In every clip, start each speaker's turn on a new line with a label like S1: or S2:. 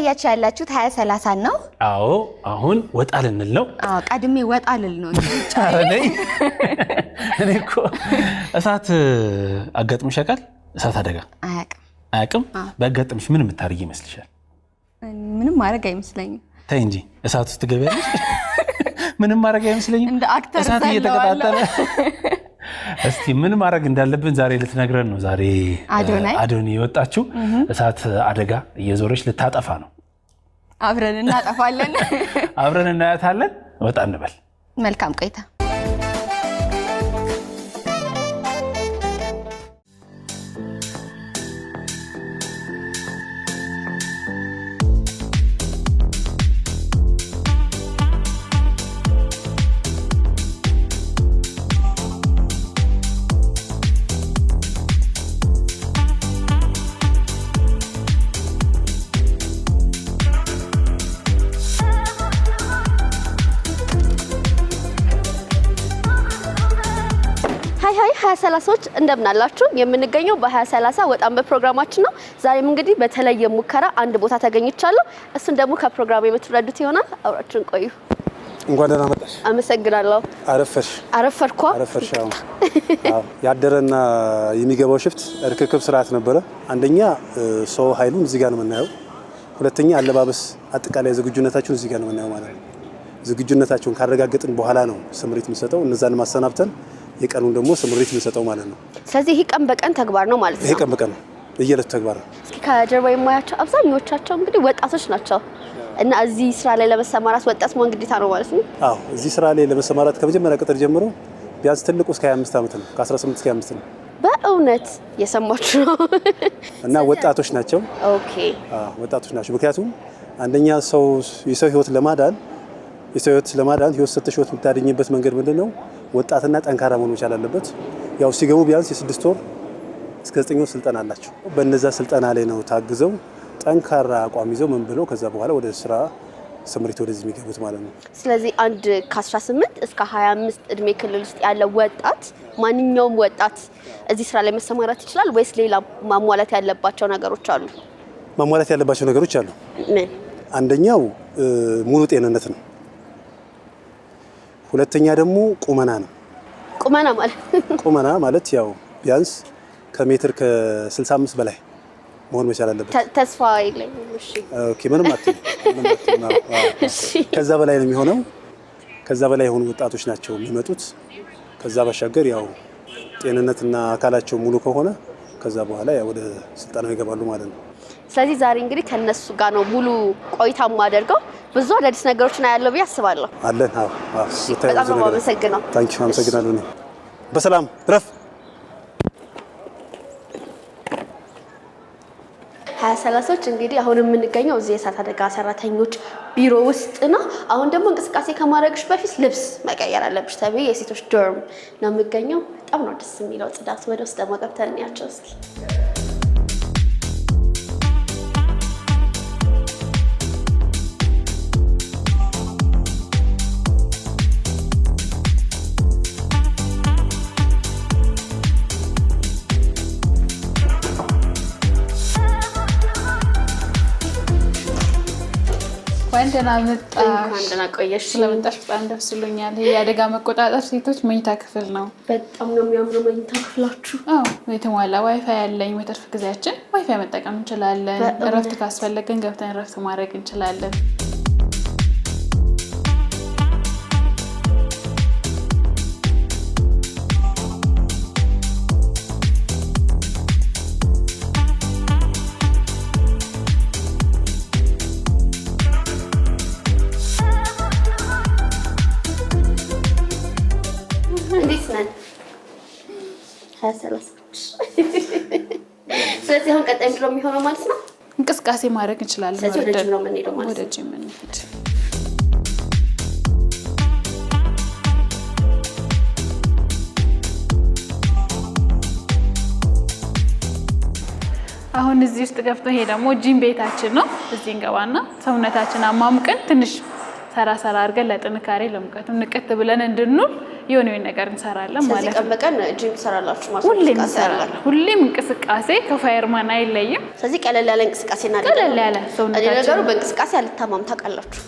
S1: እያያችሁ ያላችሁት ሀያ ሰላሳን ነው።
S2: አዎ አሁን ወጣ ልንል ነው።
S1: ቀድሜ ወጣ ልል ነው።
S2: እኔ እኮ እሳት አጋጥሞሽ ያውቃል? እሳት አደጋ አያውቅም በአጋጥምሽ ምን የምታደርጊ ይመስልሻል?
S1: ምንም ማድረግ አይመስለኝም።
S2: ተይ እንጂ እሳት ውስጥ ገበያለሽ። ምንም ማድረግ አይመስለኝም። እንደ አክተር እሳት እየተቀጣጠለ እስቲ ምን ማድረግ እንዳለብን ዛሬ ልትነግረን ነው። ዛሬ
S1: አዶኒ የወጣችው
S2: እሳት አደጋ እየዞረች ልታጠፋ ነው። አብረን
S1: እናጠፋለን፣ አብረን እናያታለን። ወጣ እንበል። መልካም ቆይታ ሀይ ሀይ ሀያ ሰላሳዎች እንደምናላችሁ የምንገኘው በሀያ ሰላሳ ወጣም በፕሮግራማችን ነው። ዛሬም እንግዲህ በተለየ ሙከራ አንድ ቦታ ተገኝቻለሁ። እሱን ደግሞ ከፕሮግራሙ የምትረዱት ይሆናል። አብራችን ቆዩ።
S2: እንኳን ደህና መጣሽ። አመሰግናለሁ።
S1: አረፈሽ? አረፈርኳ። አረፈርሽ?
S2: አዎ። ያደረና የሚገባው ሽፍት እርክክብ ስርዓት ነበረ። አንደኛ ሰው ኃይሉን እዚህ ጋር ነው የምናየው። ሁለተኛ አለባበስ፣ አጠቃላይ ዝግጁነታችሁን እዚህ ጋር ነው የምናየው ማለት ነው። ዝግጁነታቸውን ካረጋገጥን በኋላ ነው ስምሪት የምሰጠው እነዛን ማሰናብተን የቀኑን ደግሞ ስምሪት የምንሰጠው
S1: ማለት ነው። ስለዚህ ይህ ቀን በቀን ተግባር ነው
S2: ማለት ነው። ይሄ ቀን በቀን ነው እየለቱ ተግባር ነው።
S1: እስኪ ከጀርባ የማያቸው አብዛኞቻቸው እንግዲህ ወጣቶች ናቸው እና እዚህ ስራ ላይ ለመሰማራት ወጣት መሆን ግዴታ ነው
S2: ማለት ነው። አዎ እዚህ ስራ ላይ ለመሰማራት ከመጀመሪያ ቅጥር ጀምሮ ቢያንስ ትልቁ እስከ 25 ዓመት ነው፣ ከ18 እስከ 25 ነው።
S1: በእውነት የሰማችሁ ነው።
S2: እና ወጣቶች ናቸው። ኦኬ አዎ ወጣቶች ናቸው። ምክንያቱም አንደኛ ሰው የሰው ህይወት ለማዳን የሰው ህይወት ለማዳን ህይወት ሰጥተሽ ህይወት የምታደኝበት መንገድ ምንድን ነው? ወጣትና ጠንካራ መሆን መቻል አለበት። ያው ሲገቡ ቢያንስ የስድስት ወር እስከ ዘጠኝ ወር ስልጠና አላቸው። በነዛ ስልጠና ላይ ነው ታግዘው ጠንካራ አቋም ይዘው ምን ብለው ከዛ በኋላ ወደ ስራ ስምሪት ወደዚህ
S1: የሚገቡት ማለት ነው። ስለዚህ አንድ ከ18 እስከ 25 እድሜ ክልል ውስጥ ያለ ወጣት ማንኛውም ወጣት እዚህ ስራ ላይ መሰማራት ይችላል ወይስ ሌላ ማሟላት ያለባቸው ነገሮች
S2: አሉ? ማሟላት ያለባቸው ነገሮች አሉ። አንደኛው ሙሉ ጤንነት ነው። ሁለተኛ ደግሞ ቁመና ነው። ቁመና ማለት ቁመና ማለት ያው ቢያንስ ከሜትር ከ65 በላይ መሆን መቻል አለበት። ተስፋ
S1: የለኝም። እሺ
S2: ኦኬ። ምንም አትል ከዛ በላይ ነው የሚሆነው። ከዛ በላይ የሆኑ ወጣቶች ናቸው የሚመጡት። ከዛ ባሻገር ያው ጤንነትና አካላቸው ሙሉ ከሆነ ከዛ በኋላ ያው ወደ ስልጠናው ይገባሉ ማለት
S1: ነው። ስለዚህ ዛሬ እንግዲህ ከነሱ ጋር ነው ሙሉ ቆይታ ማደርገው ብዙ አዳዲስ ነገሮችን አያለው ብዬ አስባለሁ። አለን። በጣም ነው የማመሰግነው። አመሰግናለሁ።
S2: በሰላም ረፍ።
S1: ሀያ ሰላሳዎች እንግዲህ አሁን የምንገኘው እዚህ የእሳት አደጋ ሰራተኞች ቢሮ ውስጥ ነው። አሁን ደግሞ እንቅስቃሴ ከማድረግሽ በፊት ልብስ መቀየር አለብሽ ተብዬ የሴቶች ዶርም ነው የምገኘው። በጣም ነው ደስ የሚለው ጽዳት። ወደ ውስጥ ደግሞ ገብተን እንያቸው እስኪ
S3: ደህና መጣሽ።
S1: ደህና ቆየሽ። ስለመጣሽ በጣም ደስ ብሎኛል።
S3: የአደጋ መቆጣጠር ሴቶች መኝታ
S1: ክፍል ነው። በጣም ነው የሚያምረው መኝታ
S3: ክፍላችሁ። አዎ፣ የተሟላ ዋይፋይ ያለኝ። በትርፍ ጊዜያችን ዋይፋይ መጠቀም እንችላለን። እረፍት ካስፈለገን ገብተን እረፍት ማድረግ እንችላለን። የሚሆነው ማለት ነው። እንቅስቃሴ ማድረግ እንችላለን።
S1: ወደ ጂም ነው የምንሄደው ማለት ነው። ወደ ጂም እንሄድ
S3: አሁን እዚህ ውስጥ ገብቶ ይሄ ደግሞ ጂም ቤታችን ነው። እዚህ እንገባና ሰውነታችን አሟሙቀን ትንሽ ሰራ ሰራ አድርገን ለጥንካሬ ለሙቀትም ንቅት ብለን እንድንል የሆነ ነገር
S1: እንሰራለን ማለት ነው። ቀን ጂም ትሰራላችሁ
S3: ማለት ነው? ሁሌም እንሰራለን። ሁሌም እንቅስቃሴ ከፋየርማን አይለይም። ስለዚህ
S1: ቀለል ያለ እንቅስቃሴ እናደርጋለን። ቀለል ያለ ሰውነታችን
S3: ነገሩ በእንቅስቃሴ አልታማም ታውቃላችሁ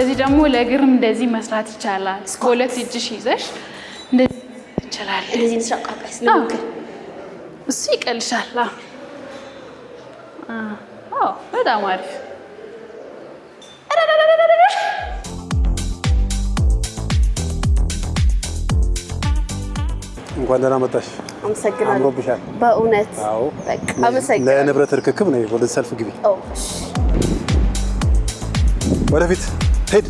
S3: እንደዚህ ደግሞ ለእግርም እንደዚህ መስራት ይቻላል። በሁለት እጅሽ ይዘሽ እንደዚህ ይችላል። እሱ ይቀልሻል። አዎ በጣም አሪፍ።
S2: እንኳን ደህና መጣሽ። አመሰግናለሁ። አምሮብሻል
S1: በእውነት አዎ በቃ
S2: አመሰግናለሁ። ለንብረት ርክክብ ነው። ወደ ሰልፍ ግቢ ወደፊት ቴድ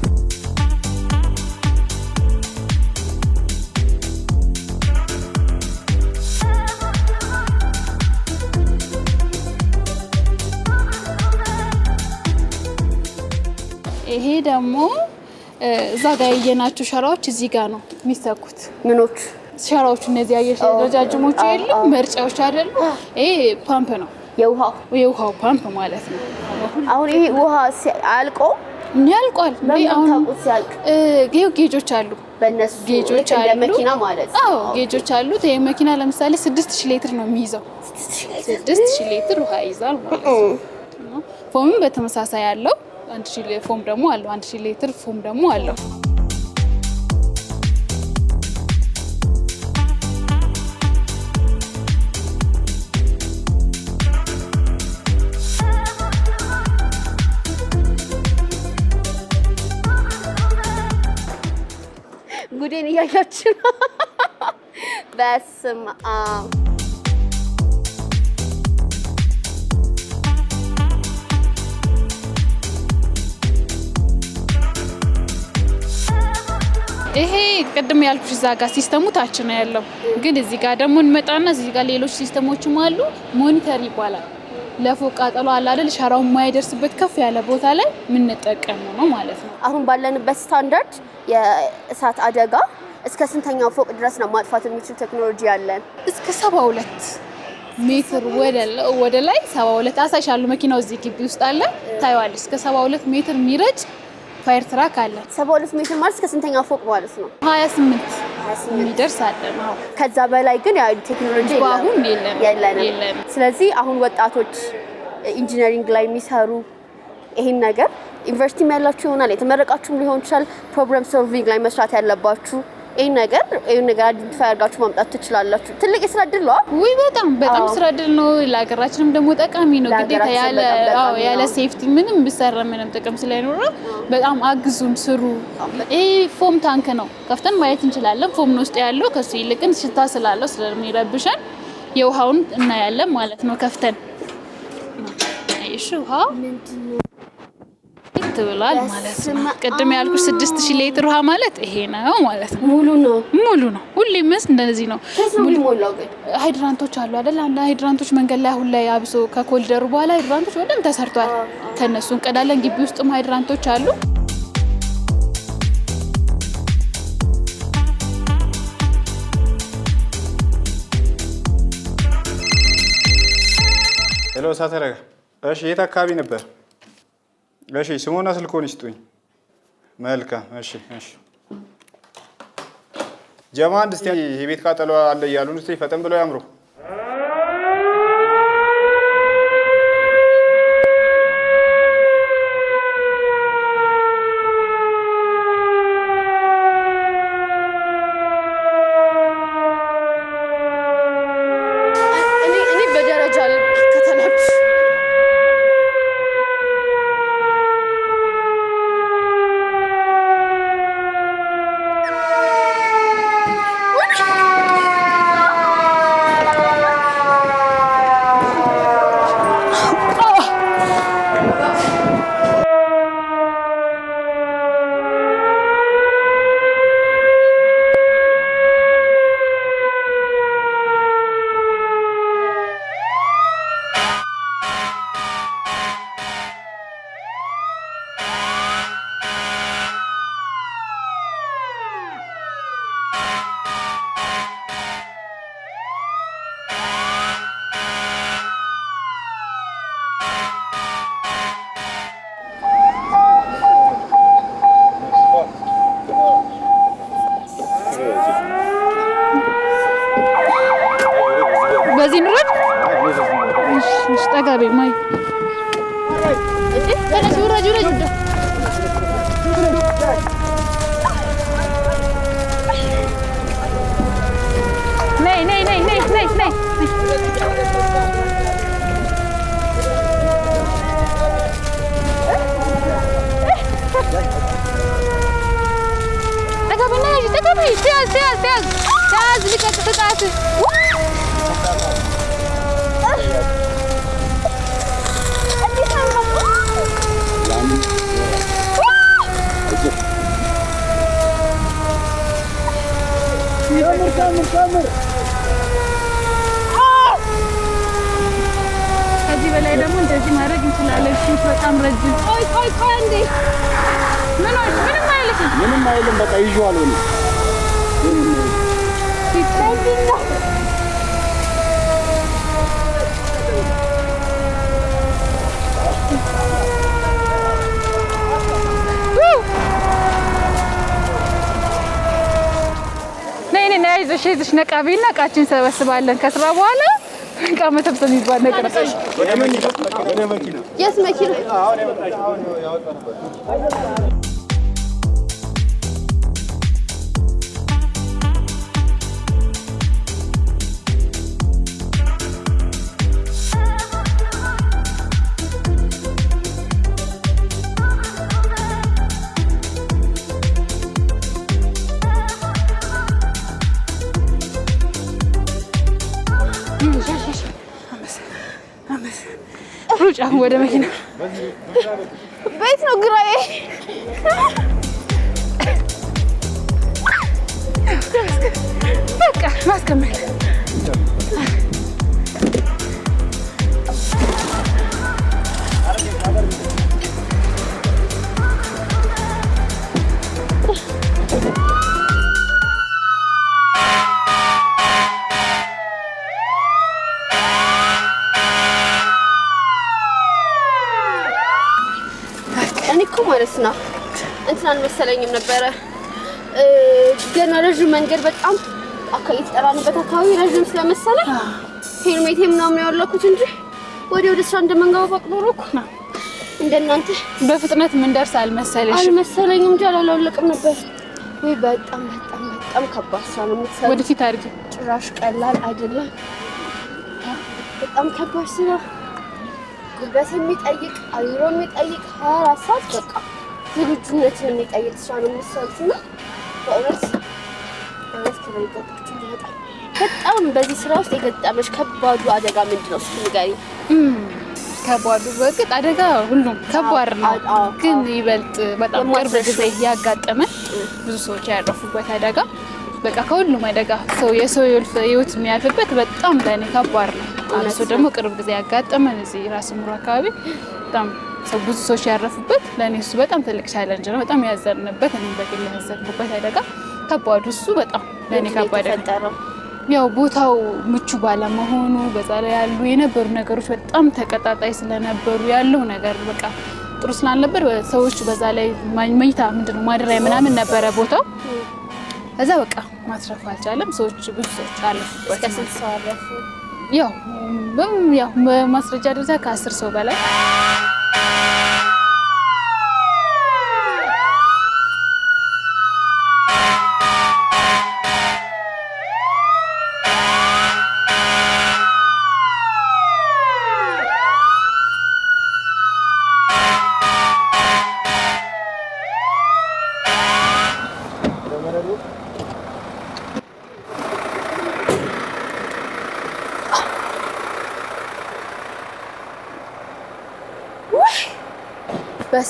S3: ይሄ ደግሞ እዛ ጋር ያየናቸው ሸራዎች እዚህ ጋር ነው የሚሰኩት። ምኖች
S1: ሸራዎቹ እነዚህ ያየሽ ረጃጅሞቹ
S3: መርጫዎች አይደሉ። ይሄ ፓምፕ ነው
S1: የውሃው ፓምፕ ማለት ነው። አሁን ይሄ ውሃ አልቆ ያልቋል። ጌጆች አሉ ጌጆች
S3: አሉት። ይሄ መኪና ለምሳሌ ስድስት ሺህ ነው የሚይዘው። ስድስት ሺህ
S1: ውሃ ይይዛል ማለት ነው።
S3: ፎምም በተመሳሳይ አለው። ፎም ደግሞ አለው። አንድ ሺህ ሊትር ፎም ደግሞ አለው።
S1: ጉዴን እያያችሁ ነው። በስመ
S3: ይሄ ቅድም ያልኩሽ እዛ ጋር ሲስተሙ ታች ነው ያለው፣ ግን እዚህ ጋር ደግሞ እንመጣና እዚህ ጋር ሌሎች ሲስተሞችም አሉ። ሞኒተር ይባላል ለፎቅ ቃጠሎ አለ አይደል? ሸራው የማይደርስበት ከፍ ያለ ቦታ ላይ የምንጠቀመው ነው ማለት ነው። አሁን ባለንበት
S1: ስታንዳርድ የእሳት አደጋ እስከ ስንተኛው ፎቅ ድረስ ነው ማጥፋት የሚችል ቴክኖሎጂ ያለን?
S3: እስከ ሰባ ሁለት ሜትር ወደ ላይ ሰባ ሁለት አሳይሻለሁ። መኪናው እዚህ ግቢ ውስጥ አለ ታየዋል። እስከ ሰባ ሁለት ሜትር የሚረጭ ፋየር ትራክ አለ።
S1: ሰባ ሁለት ሜትር ማለት እስከ ስንተኛው ፎቅ ማለት
S3: ነው? ሀያ ስምንት የሚደርስ
S1: አለ። ከዛ በላይ ግን
S3: ቴክኖሎጂ አሁን የለም።
S1: ስለዚህ አሁን ወጣቶች ኢንጂነሪንግ ላይ የሚሰሩ ይህን ነገር ዩኒቨርሲቲም ያላችሁ ይሆናል የተመረቃችሁም ሊሆን ይችላል ፕሮብለም ሶልቪንግ ላይ መስራት ያለባችሁ ይህ ነገር ይህ ነገር አይደንቲፋይ አድርጋችሁ ማምጣት ትችላላችሁ። ትልቅ የስራ
S3: እድል ነው። ውይ በጣም በጣም ስራ እድል ነው። ለሀገራችንም ደግሞ ጠቃሚ ነው። ግዴታ ያለ አዎ ያለ ሴፍቲ ምንም ቢሰራ ምንም ጥቅም ስለማይኖረው በጣም አግዙን፣ ስሩ። ይሄ ፎም ታንክ ነው። ከፍተን ማየት እንችላለን። ፎም ነው ውስጥ ያለው ከሱ ይልቅን ሽታ ስላለው ስለሚረብሸን የውሃውን እናያለን ማለት ነው። ከፍተን እሺ ውሃ ብሏል ማለት ነው። ቅድም ያልኩሽ ስድስት ሺህ ሌትር ውሃ ማለት ይሄ ነው
S1: ማለት ነው። ሙሉ ነው
S3: ሙሉ ነው። ሁሌም እንደዚህ ነው።
S1: ሃይድራንቶች አሉ አይደል? አንድ ሃይድራንቶች መንገድ ላይ አሁን ላይ አብሶ ከኮልደሩ በኋላ ሃይድራንቶች ወደም ተሰርቷል። ከነሱ እንቀዳለን። ግቢ ውስጥም ሃይድራንቶች አሉ።
S2: ሄሎ ሳተረጋ፣ እሺ የት አካባቢ ነበር? እሺ ስሞና ስልኮን ይስጡኝ። መልካም እሺ፣ እሺ። ጀማን እስቲ የቤት ቃጠሎ አለ እያሉን እስቲ ፈጠን ብለው ያምሩ።
S3: nem, nem, nem, nem, nem, nem. ney, ney, ney. Daga benar, daga benar. Sial, sial, sial. Sial, dekat dekat. Kamer, kamer, kamer. ከዚህ በላይ ደግሞ እንደዚህ ማድረግ እንችላለን። በጣም ረጅም ቆይ ቆይ ቆይ እንዴ ምንም አይልም፣ ምንም አይልም። በቃ ይዤዋለሁ ነው ነይ ነይ አይዞሽ አይዞሽ፣ ነቃ ቢል ነቃችን እንሰበስባለን ከስራ በኋላ እቃ መሰብሰብ የሚባል ነገር የት መኪና ወደ መኪና ቤት ነው ግራዬ። በቃ ማስከመል አልመሰለኝም ነበረ። ገና ረዥም መንገድ በጣም የተጠራንበት አካባቢ ረዥም ስለመሰለ ሄልሜቴ ምናምን ያወለኩት እንጂ ወደ ወደ ስራ እንደመንገባ ፈቅዶሮ እኮ እንደናንተ በፍጥነት ምንደርስ አልመሰለሽ አልመሰለኝም እንጂ አላለውለቅም ነበር ወይ? በጣም በጣም በጣም ከባድ ስራ ነው የምትሰራው። ወደፊት አድርጊ። ጭራሽ ቀላል አይደለም። በጣም ከባድ ስራ፣ ጉልበት የሚጠይቅ አእምሮ የሚጠይቅ ሀያ አራት ሰዓት በቃ ዝግጁነት የሚጠይቅ ስራ ነው በእውነት በእውነት ክብር ይገባቸዋል። በጣም በዚህ ስራ ውስጥ የገጠመች ከባዱ አደጋ ምንድን ነው? እስኪ ንገሪኝ። ከባዱ በእርግጥ አደጋ ሁሉም ከባድ ነው፣ ግን ይበልጥ በጣም ቅርብ ጊዜ እያጋጠመ ብዙ ሰዎች ያረፉበት አደጋ በቃ ከሁሉም አደጋ ሰው የሰው ህይወት የሚያልፍበት በጣም ለእኔ ከባድ ነው። አነሱ ደግሞ ቅርብ ጊዜ ያጋጠመን እዚህ ራስ ምሮ አካባቢ በጣም ሰው ብዙ ሰዎች ያረፉበት ለእኔ እሱ በጣም ትልቅ ቻለንጅ ነው። በጣም ያዘንበት እኔ በግል ያዘንኩበት አደጋ ከባዱ እሱ በጣም ለእኔ ከባድ ያው ቦታው ምቹ ባለመሆኑ በዛ ላይ ያሉ የነበሩ ነገሮች በጣም ተቀጣጣይ ስለነበሩ ያለው ነገር በቃ ጥሩ ስላልነበር ሰዎች በዛ ላይ መኝታ ምንድነው ማደሪያ ምናምን ነበረ ቦታው እዛ በቃ ማስረፍ አልቻለም። ሰዎች ብዙ ሰዎች አለፉበት። ያው በማስረጃ ደረጃ ከአስር ሰው በላይ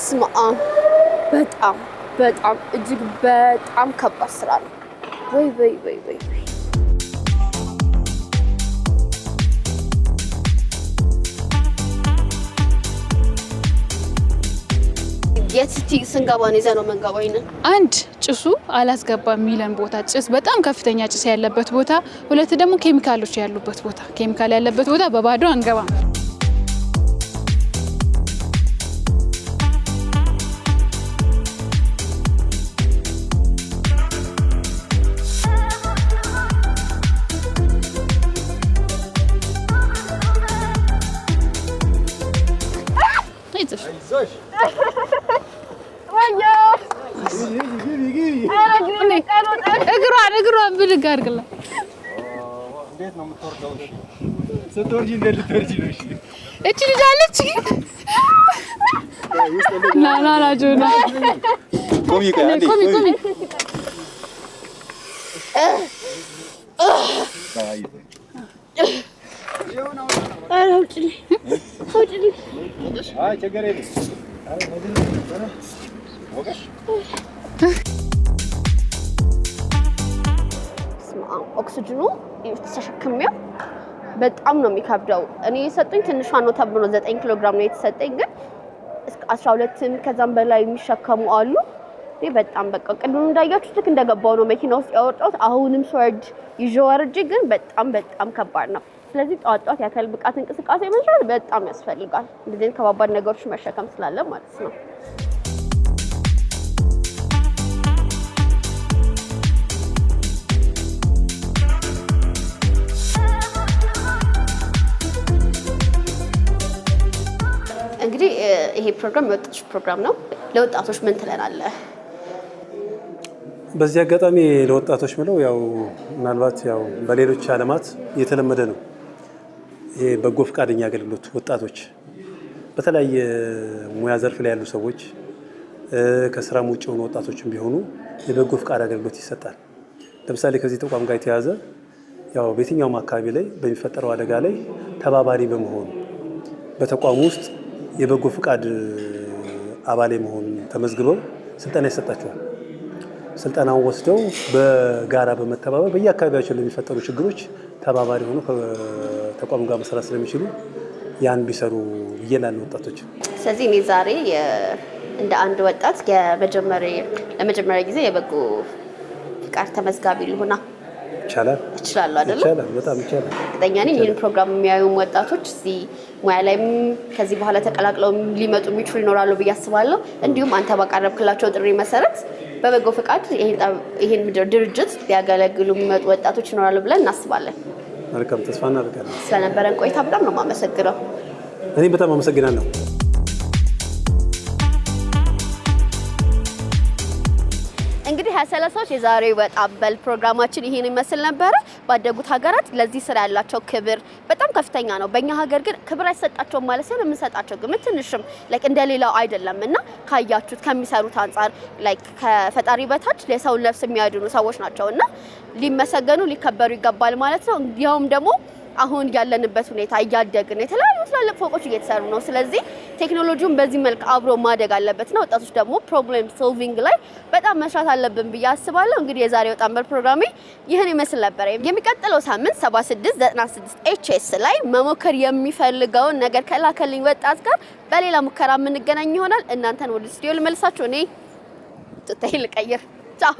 S3: በስመ አብ በጣም በጣም እጅግ በጣም ከባድ ስራ ነው። ወይ ወይ ወይ ወይ
S1: የስቲ ነው
S3: ይዘነው መንገባይነ አንድ ጭሱ አላስገባ የሚለን ቦታ ጭስ በጣም ከፍተኛ ጭስ ያለበት ቦታ፣ ሁለት ደግሞ ኬሚካሎች ያሉበት ቦታ። ኬሚካል ያለበት ቦታ በባዶ አንገባም። koş. Egeran, egeran bile gargala. Ndeet nam torgalış. Sa torjin derli torjin işte. E çili jalle çiki. Na na na jo na. Komik ya. Komik komik. ችግር ኦክስጅኑ ተሸክሜው በጣም ነው የሚከብደው። እኔ የሰጡኝ ትንሿ ነው ተብሎ ዘጠኝ ኪሎ ግራም ነው የተሰጠኝ፣ ግን እስከ አስራ ሁለትም ከዛም በላይ የሚሸከሙ አሉ። እኔ በጣም በቃ ቅድም ልክ እንደገባው ነው መኪና ውስጥ ያወጣሁት። አሁንም ስወርድ ይዤ ወርጄ፣ ግን በጣም በጣም ከባድ ነው። ስለዚህ ጠዋት ጠዋት የአካል ብቃት እንቅስቃሴ መስራት በጣም ያስፈልጋል። እንደዚህ ከባባድ ነገሮች መሸከም ስላለ ማለት ነው።
S1: እንግዲህ ይሄ ፕሮግራም የወጣቶች ፕሮግራም ነው። ለወጣቶች ምን ትለናለህ?
S2: በዚህ አጋጣሚ ለወጣቶች ምለው ያው ምናልባት ያው በሌሎች ዓለማት እየተለመደ ነው በጎ ፈቃደኛ አገልግሎት ወጣቶች በተለያየ ሙያ ዘርፍ ላይ ያሉ ሰዎች ከስራም ውጭ የሆኑ ወጣቶችም ቢሆኑ የበጎ ፈቃድ አገልግሎት ይሰጣል። ለምሳሌ ከዚህ ተቋም ጋር የተያዘ ያው በየትኛውም አካባቢ ላይ በሚፈጠረው አደጋ ላይ ተባባሪ በመሆኑ በተቋሙ ውስጥ የበጎ ፈቃድ አባል መሆን ተመዝግበው ስልጠና ይሰጣቸዋል። ስልጠናውን ወስደው በጋራ በመተባበር በየአካባቢያቸው ለሚፈጠሩ ችግሮች ተባባሪ ሆኖ ተቋም ጋር መስራት ስለሚችሉ ያን ቢሰሩ ብዬላለ ወጣቶች። ስለዚህ
S1: እኔ ዛሬ እንደ አንድ ወጣት ለመጀመሪያ ጊዜ የበጎ ፍቃድ ተመዝጋቢ ልሆና ይቻላል እችላለሁ፣ አይደለ? ይቻላል፣ በጣም ይቻላል። እርግጠኛ ነኝ ይህን ፕሮግራም የሚያዩም ወጣቶች እዚህ ሙያ ላይም ከዚህ በኋላ ተቀላቅለው ሊመጡ የሚችሉ ይኖራሉ ብዬ አስባለሁ። እንዲሁም አንተ ባቀረብክላቸው ጥሪ መሰረት በበጎ ፍቃድ ይህን ድርጅት ሊያገለግሉ የሚመጡ ወጣቶች ይኖራሉ ብለን እናስባለን። መልካም ተስፋ እናደርጋለን። ስለነበረን ቆይታ በጣም ነው የማመሰግነው። እኔም በጣም አመሰግናለሁ። ሀያ ሰላሳ የዛሬው ወጣ በል ፕሮግራማችን ይሄን ይመስል ነበረ። ባደጉት ሀገራት ለዚህ ስራ ያላቸው ክብር በጣም ከፍተኛ ነው። በእኛ ሀገር ግን ክብር አይሰጣቸውም ማለት ሲሆን የምንሰጣቸው ግምት ትንሽም ላይክ እንደሌላው አይደለም እና ካያችሁት ከሚሰሩት አንጻር ላይክ ከፈጣሪ በታች የሰውን ነፍስ የሚያድኑ ሰዎች ናቸው እና ሊመሰገኑ ሊከበሩ ይገባል ማለት ነው። እንዲያውም ደግሞ አሁን ያለንበት ሁኔታ እያደግን የተለያዩ ትላልቅ ፎቆች እየተሰሩ ነው። ስለዚህ ቴክኖሎጂውን በዚህ መልክ አብሮ ማደግ አለበትና ወጣቶች ደግሞ ፕሮብሌም ሶልቪንግ ላይ በጣም መስራት አለብን ብዬ አስባለሁ። እንግዲህ የዛሬ ወጣንበር ፕሮግራሜ ይህን ይመስል ነበረ። የሚቀጥለው ሳምንት 7696 ኤችኤስ ላይ መሞከር የሚፈልገውን ነገር ከላከልኝ ወጣት ጋር በሌላ ሙከራ የምንገናኝ ይሆናል። እናንተን ወደ ስቱዲዮ ልመልሳችሁ። እኔ ትታይ ልቀይር። ቻው